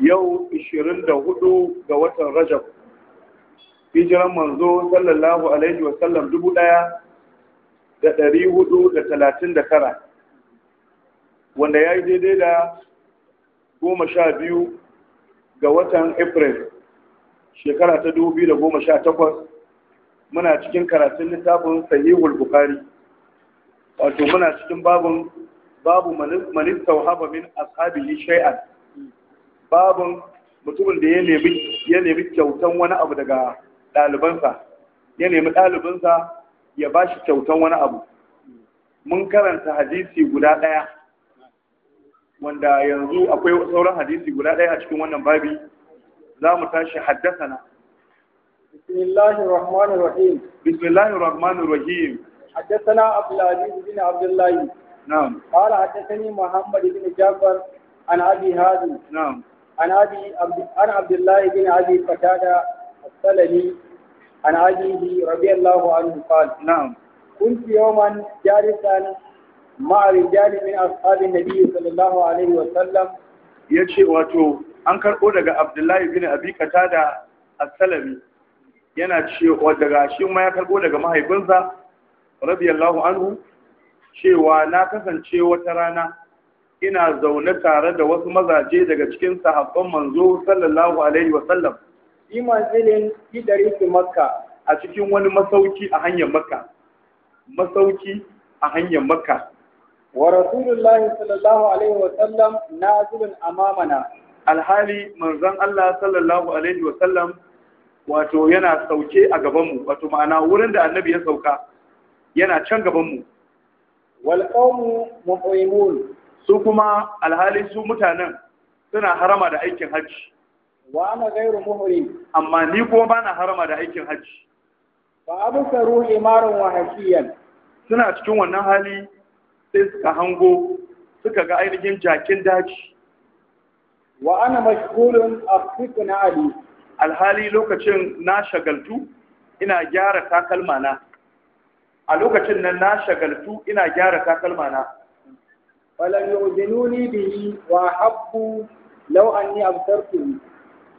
Yau ishirin da hudu ga watan Rajab, hijiran manzo sallallahu Alaihi wasallam dubu ɗaya da ɗari hudu da talatin da tara, wanda ya yi daidai da goma sha biyu ga watan April, shekara ta dubu biyu da goma sha takwas, muna cikin karatun littafin sahihul Bukhari, wato muna cikin babin babu manis tauhaba min ashabihi shay'an babun mutumin da ya nemi ya nemi kyautan wani abu daga ɗalibansa ya nemi ɗalibinsa ya ba shi kyautan wani abu mun karanta hadisi guda ɗaya wanda yanzu akwai sauran hadisi guda ɗaya a cikin wannan babi za mu tashi haddasana bismillahirrahmanirrahim bismillahirrahmanirrahim rahim bismillahir rahmanir Abdullahi حدثنا نعم قال حدثني محمد بن جعفر عن ابي هازم نعم عن ابي عن عبد الله بن ابي قتادة السلمي عن أبيه رضي الله عنه قال نعم كنت يوما جالسا مع رجال من اصحاب النبي صلى الله عليه وسلم يجي واتو an karɓo daga abdullahi bin abi katada as-salami yana cewa daga shi ma ya karbo daga mahaifinsa radiyallahu anhu cewa na kasance wata rana ina zaune tare da wasu mazaje daga cikin sahabban manzo sallallahu alaihi wa sallam ima zilin idare dariki makka a cikin wani masauki a hanyar makka masauki a hanyar makka wa rasulullahi sallallahu alaihi wa sallam nazilun amamana alhali manzon Allah sallallahu alaihi wa sallam wato yana sauke a gabanmu wato ma'ana wurin da annabi ya sauka yana can gabanmu wal qawmu su kuma alhali su mutanen suna harama da aikin hajji wa ana gairu muhrim amma ni kuma ba na harama da aikin hajji fa absaru imaran wa hashiyan suna cikin wannan hali sai suka hango suka ga ainihin jakin daji wa ana a afiqna ali alhali lokacin na shagaltu ina gyara takalma na a lokacin nan na shagaltu ina gyara takalma na falan jinuni bi wa habbu law anni abtartu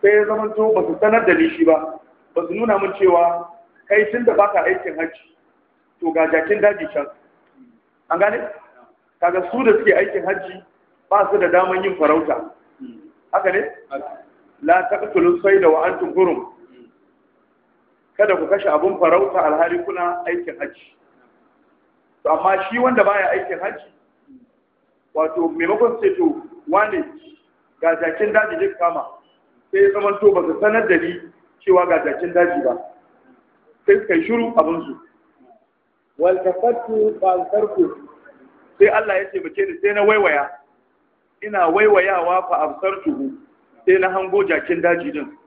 sai ya zama to ba su sanar da ni ba ba su nuna min cewa kai tun da baka aikin hajji to ga jakin daji can an gane kaga su da suke aikin hajji ba su da daman yin farauta haka ne la taqtulu sayda wa antum gurum kada ku kashe abun farauta alhali kuna aikin hajji to amma shi wanda baya aikin hajji wato maimakon sai to wane ga jakin daji zai kama sai ya zama to ba su sanar da ni cewa ga jakin daji ba sai suka yi shiru abin su wal tafattu ba'tarku sai Allah ya ce ni sai na waiwaya ina waiwayawa fa absartuhu sai na hango jakin daji din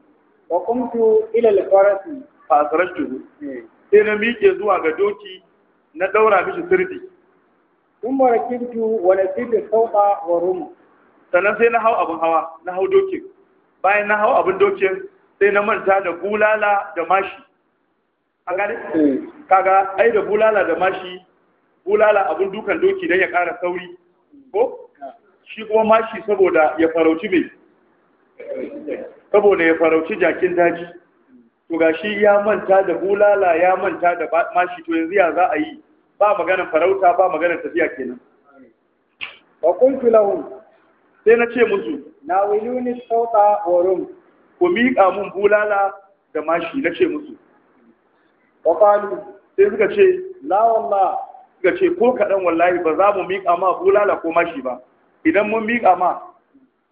wa kuntu ila al-farasi fa asrartuhu eh. sai na miƙe zuwa ga doki na daura mishi sirdi in mara kintu wani sirdi sauka wa rumu sannan sai na hau abin hawa na hau dokin bayan na hau abin dokin sai na manta da bulala da mashi an gane eh. kaga ai da bulala da mashi bulala abin dukan doki don ya ƙara sauri ko shi kuma mashi saboda ya farauci mai saboda ya farauci jakin daji to shi ya manta da bulala ya manta da mashi to yanzu ya za a yi ba maganar farauta ba maganar tafiya kenan wa kuntu lahum sai na ce musu na wiluni sauta wa rum ku miƙa mun bulala da mashi na ce musu wa qalu sai suka ce la wallah suka ce ko kaɗan wallahi ba za mu miƙa ma bulala ko mashi ba idan mun miƙa ma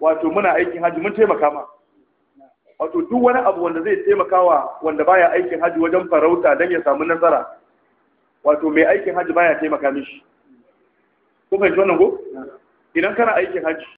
wato muna aikin hajji mun taimaka ma wato duk wani abu wanda zai taimakawa wa wanda baya aikin haji wajen farauta don ya samu nasara wato mai aikin haji baya taimaka mishi ko fahimci wannan ko idan kana aikin haji